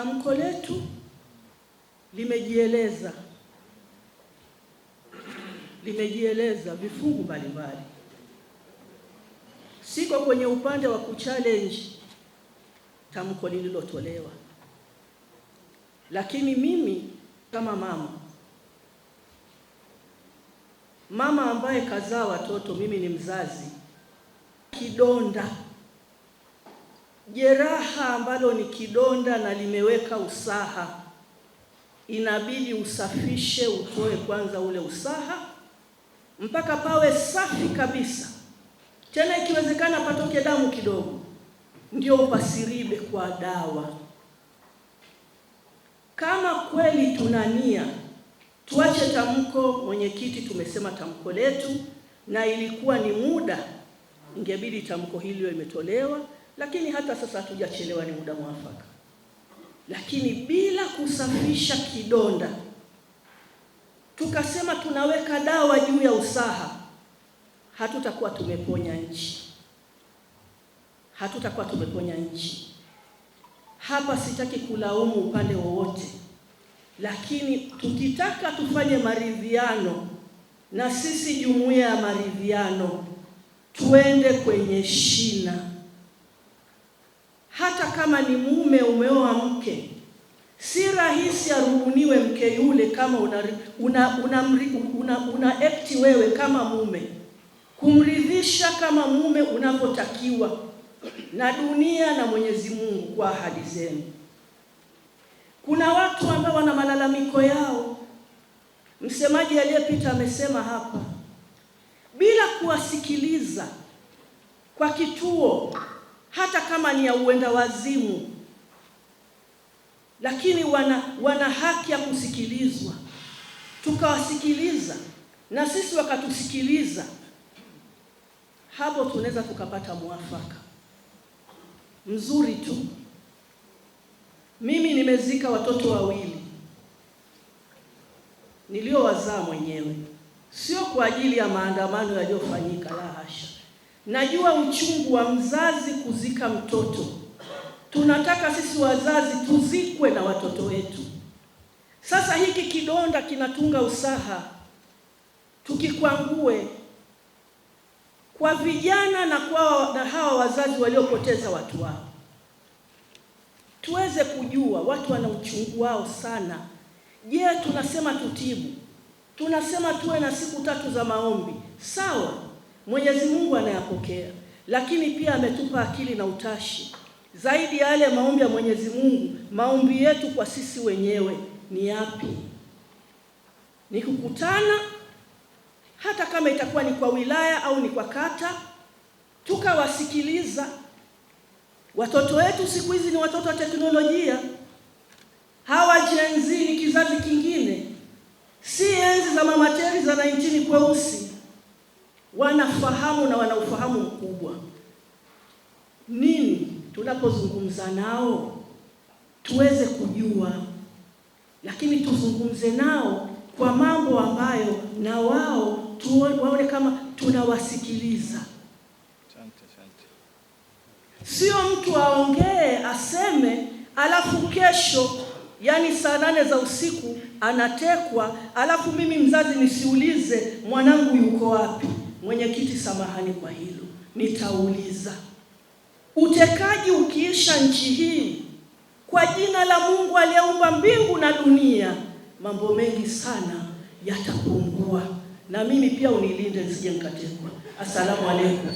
Tamko letu limejieleza limejieleza vifungu mbalimbali. Siko kwenye upande wa kuchallenge tamko lililotolewa, lakini mimi kama mama mama ambaye kazaa watoto, mimi ni mzazi, kidonda jeraha ambalo ni kidonda na limeweka usaha, inabidi usafishe, utoe kwanza ule usaha mpaka pawe safi kabisa, tena ikiwezekana patoke damu kidogo, ndio upasiribe kwa dawa. Kama kweli tunania tuache tamko. Mwenyekiti, tumesema tamko letu na ilikuwa ni muda, ingebidi tamko hilo limetolewa lakini hata sasa hatujachelewa, ni muda mwafaka. Lakini bila kusafisha kidonda, tukasema tunaweka dawa juu ya usaha, hatutakuwa tumeponya nchi, hatutakuwa tumeponya nchi. Hapa sitaki kulaumu upande wowote, lakini tukitaka tufanye maridhiano na sisi jumuiya ya maridhiano, tuende kwenye shina kama ni mume umeoa mke, si rahisi aruhuniwe mke yule kama una una, una, una, una ekti wewe kama mume kumridhisha kama mume unapotakiwa na dunia na Mwenyezi Mungu kwa ahadi zenu. Kuna watu ambao wana malalamiko yao. Msemaji aliyepita amesema hapa bila kuwasikiliza kwa kituo hata kama ni ya uenda wazimu, lakini wana, wana haki ya kusikilizwa. Tukawasikiliza na sisi wakatusikiliza, hapo tunaweza tukapata mwafaka mzuri tu. Mimi nimezika watoto wawili niliowazaa mwenyewe, sio kwa ajili ya maandamano yaliyofanyika, la hasha Najua uchungu wa mzazi kuzika mtoto. Tunataka sisi wazazi tuzikwe na watoto wetu. Sasa hiki kidonda kinatunga usaha, tukikwangue kwa vijana na kwa na hawa wazazi waliopoteza watu wao, tuweze kujua watu wana uchungu wao sana. Je, tunasema tutibu, tunasema tuwe na siku tatu za maombi, sawa Mwenyezi Mungu anayapokea, lakini pia ametupa akili na utashi. Zaidi ya yale maombi ya Mwenyezi Mungu, maombi yetu kwa sisi wenyewe ni yapi? Ni kukutana hata kama itakuwa ni kwa wilaya au ni kwa kata, tukawasikiliza watoto wetu. Siku hizi ni watoto wa teknolojia, hawa jenzi, ni kizazi kingine, si enzi za Mama za 19 kweusi wanafahamu na wana ufahamu mkubwa. Nini tunapozungumza nao tuweze kujua, lakini tuzungumze nao kwa mambo ambayo na wao waone kama tunawasikiliza. Sio mtu aongee aseme, alafu kesho, yani saa nane za usiku anatekwa, alafu mimi mzazi nisiulize mwanangu yuko wapi. Mwenyekiti, samahani kwa hilo, nitauliza. Utekaji ukiisha nchi hii, kwa jina la Mungu aliyeumba mbingu na dunia, mambo mengi sana yatapungua. Na mimi pia unilinde nisije nikatekwa. Asalamu alaykum.